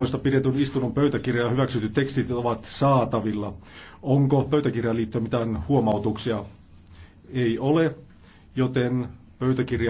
Muista pidetyn istunnon pöytäkirjaa hyväksytty tekstit ovat saatavilla. Onko pöytäkirjaan liittyen mitään huomautuksia? Ei ole, joten pöytäkirja